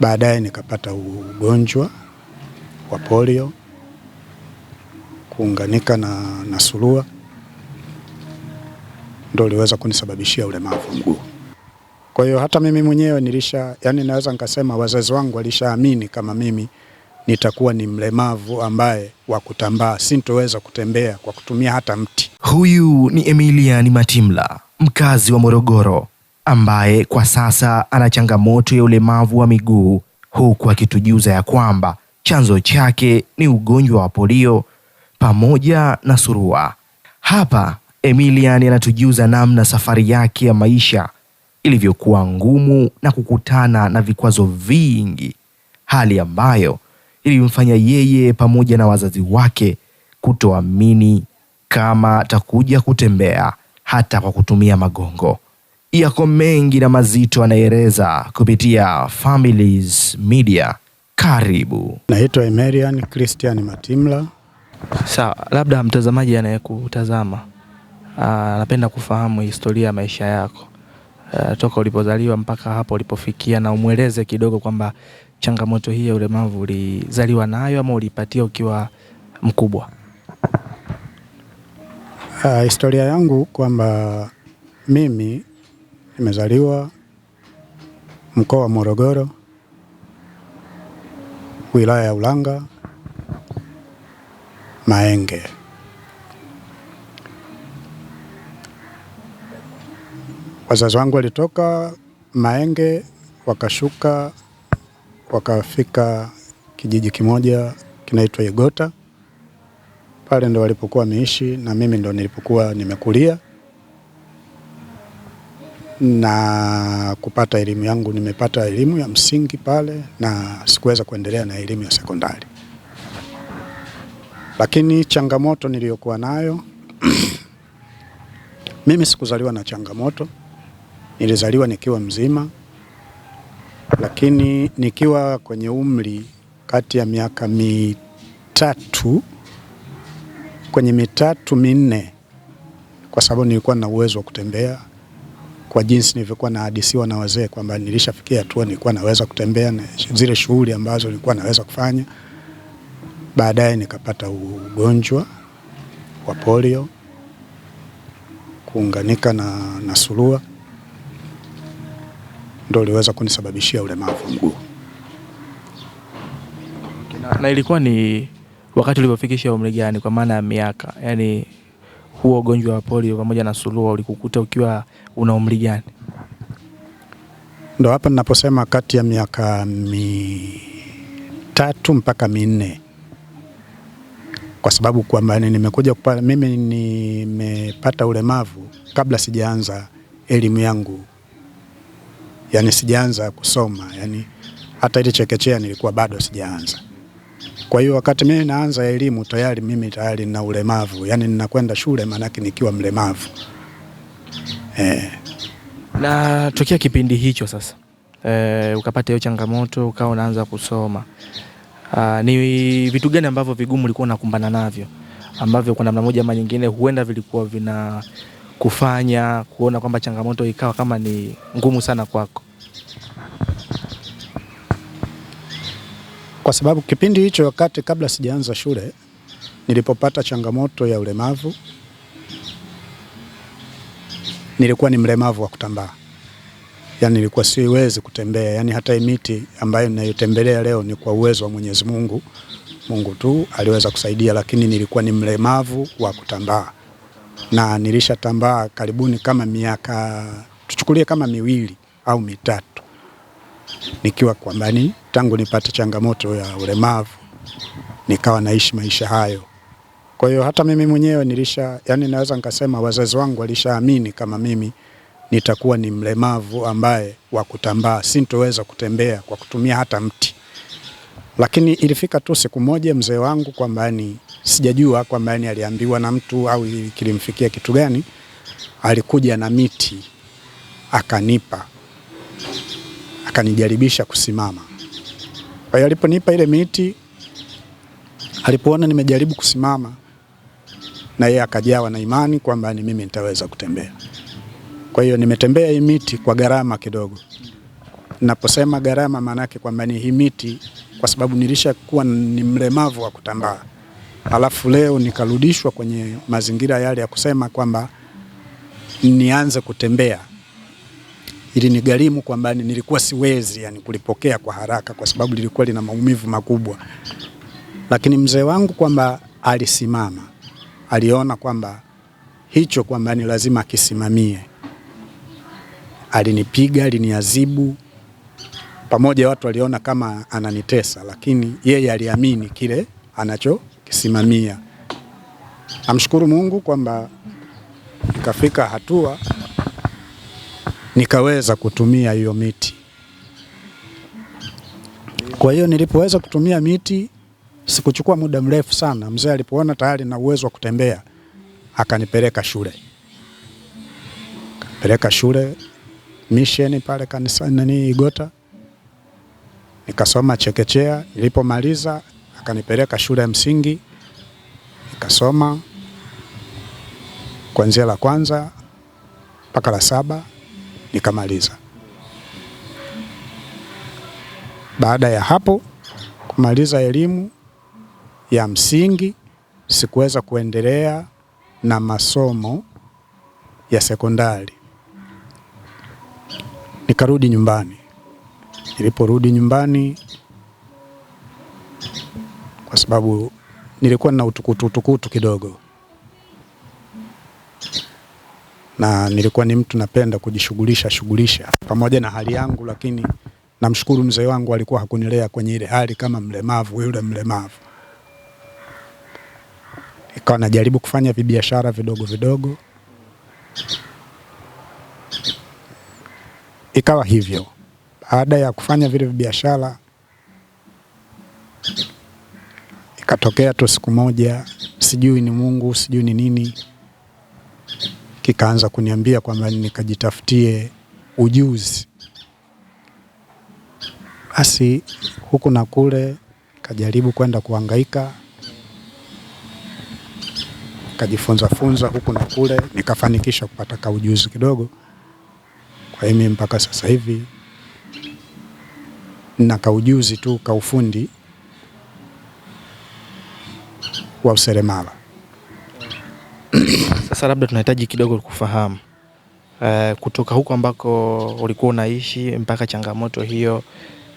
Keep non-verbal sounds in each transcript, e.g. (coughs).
Baadaye nikapata ugonjwa wa polio kuunganika na, na surua ndo uliweza kunisababishia ulemavu mguu. Kwa hiyo hata mimi mwenyewe nilisha, yani naweza nikasema wazazi wangu walishaamini kama mimi nitakuwa ni mlemavu ambaye wa kutambaa, sintoweza kutembea kwa kutumia hata mti. Huyu ni ni Matimla, mkazi wa Morogoro ambaye kwa sasa ana changamoto ya ulemavu wa miguu, huku akitujuza ya kwamba chanzo chake ni ugonjwa wa polio pamoja na surua. Hapa Emilian anatujuza namna safari yake ya maisha ilivyokuwa ngumu na kukutana na vikwazo vingi, hali ambayo ilimfanya yeye pamoja na wazazi wake kutoamini kama atakuja kutembea hata kwa kutumia magongo yako mengi na mazito anaeleza kupitia Families Media. Karibu. Naitwa Emerian Christian Matimla. Sawa, labda mtazamaji anayekutazama ah, anapenda kufahamu historia ya maisha yako aa, ah, toka ulipozaliwa mpaka hapo ulipofikia, na umweleze kidogo kwamba changamoto hii ya ulemavu ulizaliwa nayo ama ulipatia ukiwa mkubwa? Aa, ah, historia yangu kwamba mimi Nimezaliwa mkoa wa Morogoro, wilaya ya Ulanga, Maenge. Wazazi wangu walitoka Maenge wakashuka wakafika kijiji kimoja kinaitwa Igota. Pale ndo walipokuwa wameishi na mimi ndo nilipokuwa nimekulia na kupata elimu yangu. Nimepata elimu ya msingi pale na sikuweza kuendelea na elimu ya sekondari, lakini changamoto niliyokuwa nayo (clears throat) mimi sikuzaliwa na changamoto, nilizaliwa nikiwa mzima, lakini nikiwa kwenye umri kati ya miaka mitatu kwenye mitatu minne, kwa sababu nilikuwa na uwezo wa kutembea kwa jinsi nilivyokuwa nahadisiwa na wazee kwamba nilishafikia hatua nilikuwa naweza kutembea na zile shughuli ambazo nilikuwa naweza kufanya. Baadaye nikapata ugonjwa wa polio kuunganika na, na surua ndo uliweza kunisababishia ulemavu mguu. Na ilikuwa ni wakati ulivyofikisha umri gani, kwa maana ya miaka yani huo ugonjwa wa polio pamoja na surua ulikukuta ukiwa una umri gani? Ndo hapa ninaposema kati ya miaka mitatu mpaka minne, kwa sababu kwamba nimekuja kupata, mimi nimepata ulemavu kabla sijaanza elimu yangu, yani sijaanza kusoma, yani hata ile chekechea nilikuwa bado sijaanza. Kwa hiyo wakati mimi naanza elimu tayari mimi tayari nina ulemavu, yaani ninakwenda shule maanake nikiwa mlemavu eh. Na tokea kipindi hicho sasa e, ukapata hiyo changamoto ukawa unaanza kusoma Aa, ah, ni vitu gani ambavyo vigumu ulikuwa unakumbana navyo ambavyo kwa namna moja ama nyingine huenda vilikuwa vina kufanya kuona kwamba changamoto ikawa kama ni ngumu sana kwako? kwa sababu kipindi hicho, wakati kabla sijaanza shule, nilipopata changamoto ya ulemavu, nilikuwa ni mlemavu wa kutambaa, yani nilikuwa siwezi kutembea, yani hata miti ambayo ninayotembelea leo ni kwa uwezo wa Mwenyezi Mungu, Mungu tu aliweza kusaidia, lakini nilikuwa ni mlemavu wa kutambaa na nilishatambaa karibuni kama miaka tuchukulie kama miwili au mitatu nikiwa kwambani, tangu nipate changamoto ya ulemavu nikawa naishi maisha hayo. Kwa hiyo hata mimi mwenyewe nilisha, yani naweza nikasema wazazi wangu walishaamini kama mimi nitakuwa ni mlemavu ambaye wa kutambaa, sintoweza kutembea kwa kutumia hata mti. Lakini ilifika tu siku moja mzee wangu kwamba ni sijajua kwamba ni aliambiwa na mtu au kilimfikia kitu gani, alikuja na miti akanipa akanijaribisha kusimama. Kwa hiyo aliponipa ile miti, alipoona nimejaribu kusimama, na yeye akajawa na imani kwamba ni mimi nitaweza kutembea. Kwa hiyo nimetembea hii miti kwa gharama kidogo. Naposema gharama, maana yake kwamba ni hii miti, kwa sababu nilishakuwa ni mlemavu wa kutambaa, alafu leo nikarudishwa kwenye mazingira yale ya kusema kwamba nianze kutembea ilinigharimu kwamba nilikuwa siwezi yani kulipokea kwa haraka, kwa sababu lilikuwa lina maumivu makubwa. Lakini mzee wangu kwamba alisimama, aliona kwamba hicho kwamba ni lazima akisimamie. Alinipiga, aliniazibu pamoja, watu waliona kama ananitesa, lakini yeye aliamini kile anachokisimamia. Namshukuru Mungu kwamba ikafika hatua nikaweza kutumia hiyo miti. Kwa hiyo nilipoweza kutumia miti sikuchukua muda mrefu sana. Mzee alipoona tayari na uwezo wa kutembea akanipeleka shule, peleka shule misheni pale kanisani nani Igota, nikasoma chekechea. Nilipomaliza akanipeleka shule ya msingi nikasoma kuanzia la kwanza mpaka la saba nikamaliza. Baada ya hapo kumaliza elimu ya msingi, sikuweza kuendelea na masomo ya sekondari, nikarudi nyumbani. Niliporudi nyumbani, kwa sababu nilikuwa na utukutu utukutu kidogo na nilikuwa ni mtu napenda kujishughulisha shughulisha pamoja na hali yangu, lakini namshukuru mzee wangu alikuwa hakunilea kwenye ile hali kama mlemavu yule mlemavu. Ikawa najaribu kufanya vibiashara vidogo vidogo, ikawa hivyo. Baada ya kufanya vile vibiashara, ikatokea tu siku moja, sijui ni Mungu sijui ni nini kikaanza kuniambia kwamba nikajitafutie ujuzi. Basi huku na kule kajaribu kwenda kuhangaika, kajifunza funza huku na kule, nikafanikisha kupata ka ujuzi kidogo. Kwa hiyo mpaka sasa hivi na kaujuzi tu ka ufundi wa useremala. Sasa labda tunahitaji kidogo kufahamu e, kutoka huko ambako ulikuwa unaishi mpaka changamoto hiyo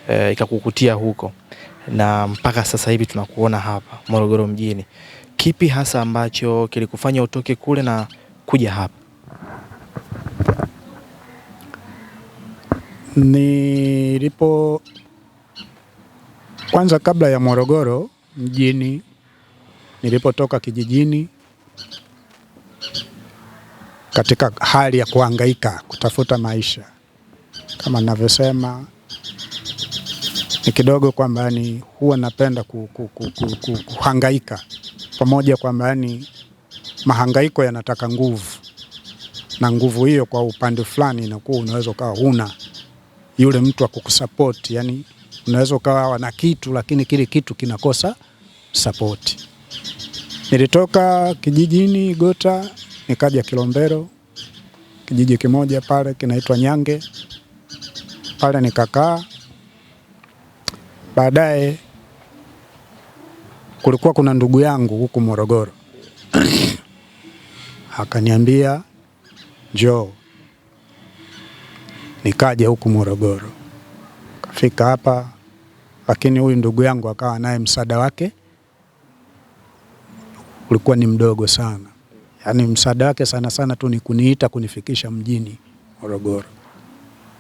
e, ikakukutia huko na mpaka sasa hivi tunakuona hapa Morogoro mjini, kipi hasa ambacho kilikufanya utoke kule na kuja hapa? Nilipo kwanza, kabla ya Morogoro mjini, nilipotoka kijijini katika hali ya kuhangaika kutafuta maisha. Kama ninavyosema ni kidogo kwamba yani huwa napenda ku, ku, ku, ku, ku, kuhangaika pamoja kwamba yani mahangaiko yanataka nguvu, na nguvu hiyo kwa upande fulani inakuwa unaweza ukawa huna yule mtu akukusapoti, yani unaweza ukawa na kitu lakini kile kitu kinakosa sapoti. Nilitoka kijijini Gota nikaja Kilombero, kijiji kimoja pale kinaitwa Nyange pale nikakaa. Baadaye kulikuwa kuna ndugu yangu huku Morogoro (coughs) akaniambia njoo, nikaja huku Morogoro, kafika hapa, lakini huyu ndugu yangu akawa naye msaada wake ulikuwa ni mdogo sana yaani msaada wake sana sana tu ni kuniita kunifikisha mjini Morogoro,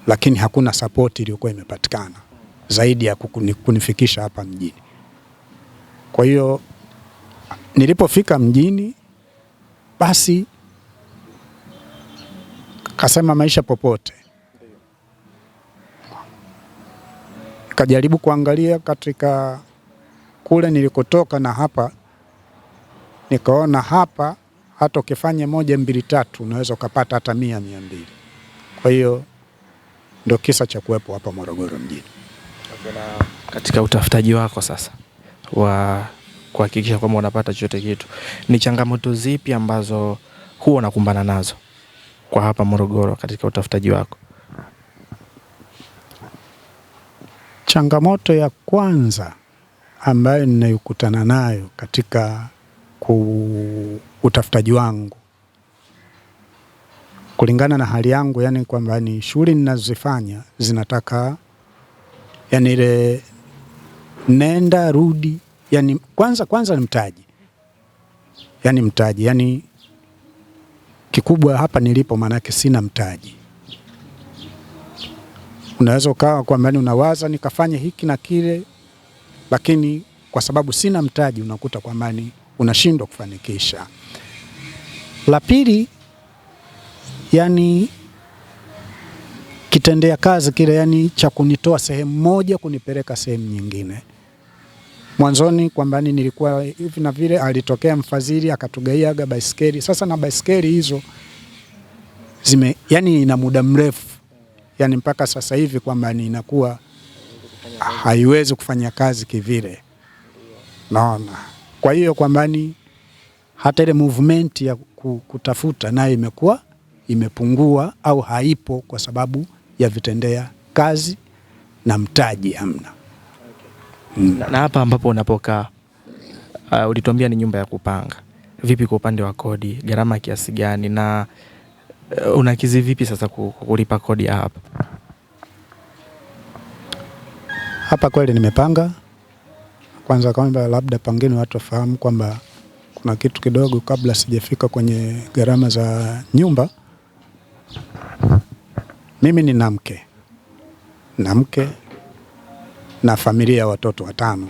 lakini hakuna sapoti iliyokuwa imepatikana zaidi ya kunifikisha hapa mjini. Kwa hiyo nilipofika mjini, basi kasema maisha popote, kajaribu kuangalia katika kule nilikotoka na hapa, nikaona hapa hata ukifanya moja mbili tatu unaweza ukapata hata mia mia mbili. Kwa hiyo ndo kisa cha kuwepo hapa Morogoro mjini. Katika utafutaji wako sasa wa kuhakikisha kwamba unapata chochote kitu, ni changamoto zipi ambazo huwa unakumbana nazo kwa hapa Morogoro katika utafutaji wako? Changamoto ya kwanza ambayo ninayokutana nayo katika ku utafutaji wangu kulingana na hali yangu, yani kwamba ni shughuli ninazozifanya zinataka yani ile nenda rudi, yani kwanza kwanza ni mtaji, yani mtaji, yani kikubwa hapa nilipo, maanake sina mtaji. Unaweza ukawa kwamba ni unawaza nikafanye hiki na kile, lakini kwa sababu sina mtaji unakuta kwamba ni unashindwa kufanikisha. La pili, yani kitendea kazi kile, yani cha kunitoa sehemu moja kunipeleka sehemu nyingine. Mwanzoni kwamba nilikuwa hivi na vile, alitokea mfadhili akatugaiaga baisikeli. Sasa na baisikeli hizo zime, yani ina muda mrefu, yani mpaka sasa hivi kwamba inakuwa haiwezi kufanya kazi kivile, naona kwa hiyo kwambani hata ile movement ya kutafuta nayo imekuwa imepungua au haipo kwa sababu ya vitendea kazi na mtaji hamna. Mm. Na hapa ambapo unapokaa uh, ulituambia ni nyumba ya kupanga. Vipi kwa upande wa kodi, gharama kiasi gani na uh, unakizi vipi sasa kulipa kodi hapa? Hapa kweli nimepanga kwanza kwamba labda pengine watu wafahamu kwamba kuna kitu kidogo kabla sijafika kwenye gharama za nyumba. Mimi nina mke na mke na familia ya watoto watano,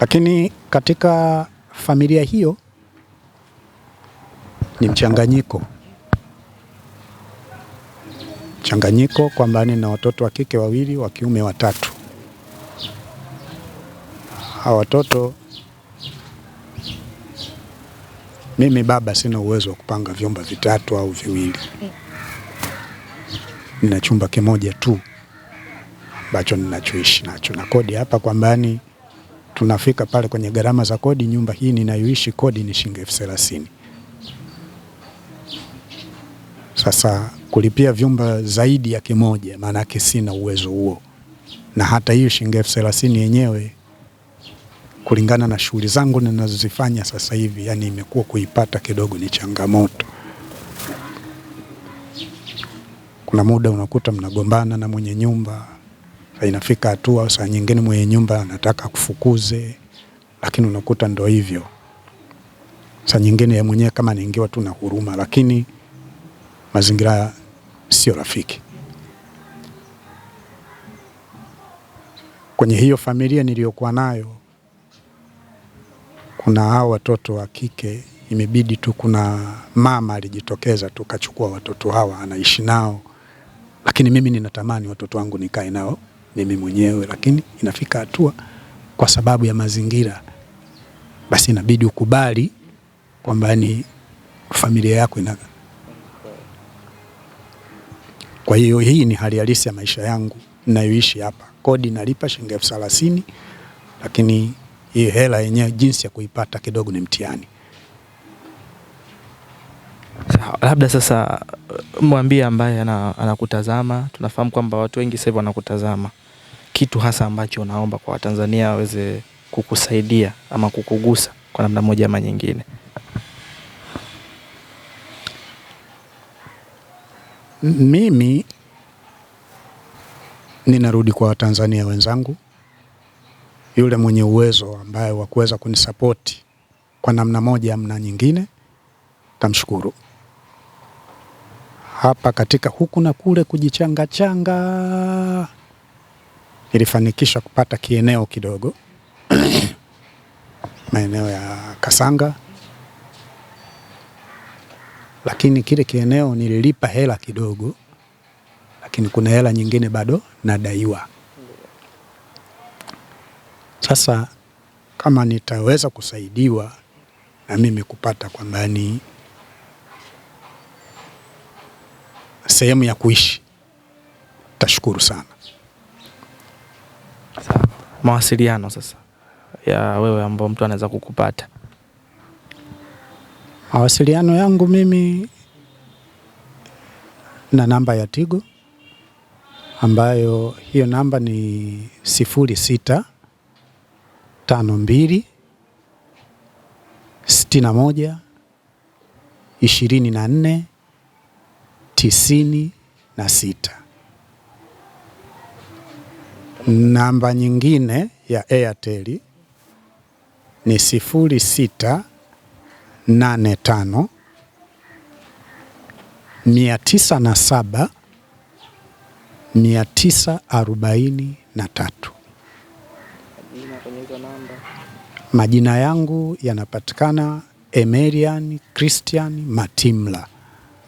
lakini katika familia hiyo ni mchanganyiko changanyiko kwamba nina watoto wa kike wawili wa kiume watatu. Hawa watoto mimi baba sina uwezo wa kupanga vyumba vitatu au viwili, nina chumba kimoja tu ambacho ninachoishi nacho na kodi hapa Kwambani yaani tunafika pale kwenye gharama za kodi. Nyumba hii ninayoishi kodi ni shilingi elfu thelathini. Sasa kulipia vyumba zaidi ya kimoja, maana yake sina uwezo huo, na hata hiyo shilingi elfu thelathini yenyewe kulingana na shughuli zangu ninazozifanya sasa hivi, yani imekuwa kuipata kidogo ni changamoto. Kuna muda unakuta mnagombana na mwenye nyumba, inafika hatua saa nyingine mwenye nyumba anataka kufukuze, lakini unakuta ndo hivyo. Saa nyingine ya mwenyewe kama ningiwa tu na huruma, lakini mazingira sio rafiki. Kwenye hiyo familia niliyokuwa nayo kuna hao watoto wa kike, imebidi tu, kuna mama alijitokeza tu kachukua watoto hawa anaishi nao, lakini mimi ninatamani watoto wangu nikae nao mimi mwenyewe, lakini inafika hatua kwa sababu ya mazingira, basi inabidi ukubali kwamba ni yaani familia yako ina kwa hiyo hii ni hali halisi ya maisha yangu ninayoishi hapa. Kodi nalipa shilingi elfu thelathini lakini hii hela yenyewe jinsi ya kuipata kidogo ni mtihani. labda sasa uh, mwambie ambaye anakutazama. Tunafahamu kwamba watu wengi sasa hivi wanakutazama, kitu hasa ambacho unaomba kwa Watanzania waweze kukusaidia ama kukugusa kwa namna moja ama nyingine. Mimi ninarudi kwa Watanzania wenzangu, yule mwenye uwezo ambaye wa kuweza kunisapoti kwa namna moja amna nyingine, tamshukuru hapa katika huku na kule kujichanga changa, nilifanikisha kupata kieneo kidogo (coughs) maeneo ya Kasanga lakini kile kieneo nililipa hela kidogo, lakini kuna hela nyingine bado nadaiwa. Sasa kama nitaweza kusaidiwa na mimi kupata kwamba ni sehemu ya kuishi, tashukuru sana. Mawasiliano sasa ya wewe ambao mtu anaweza kukupata Mawasiliano yangu mimi na namba ya Tigo ambayo hiyo namba ni sifuri sita tano mbili sitini na moja ishirini na nne tisini na sita. Namba nyingine ya Airtel ni sifuri sita nane tano mia tisa na saba mia tisa arobaini na tatu. Majina yangu yanapatikana Emerian Christian Matimla.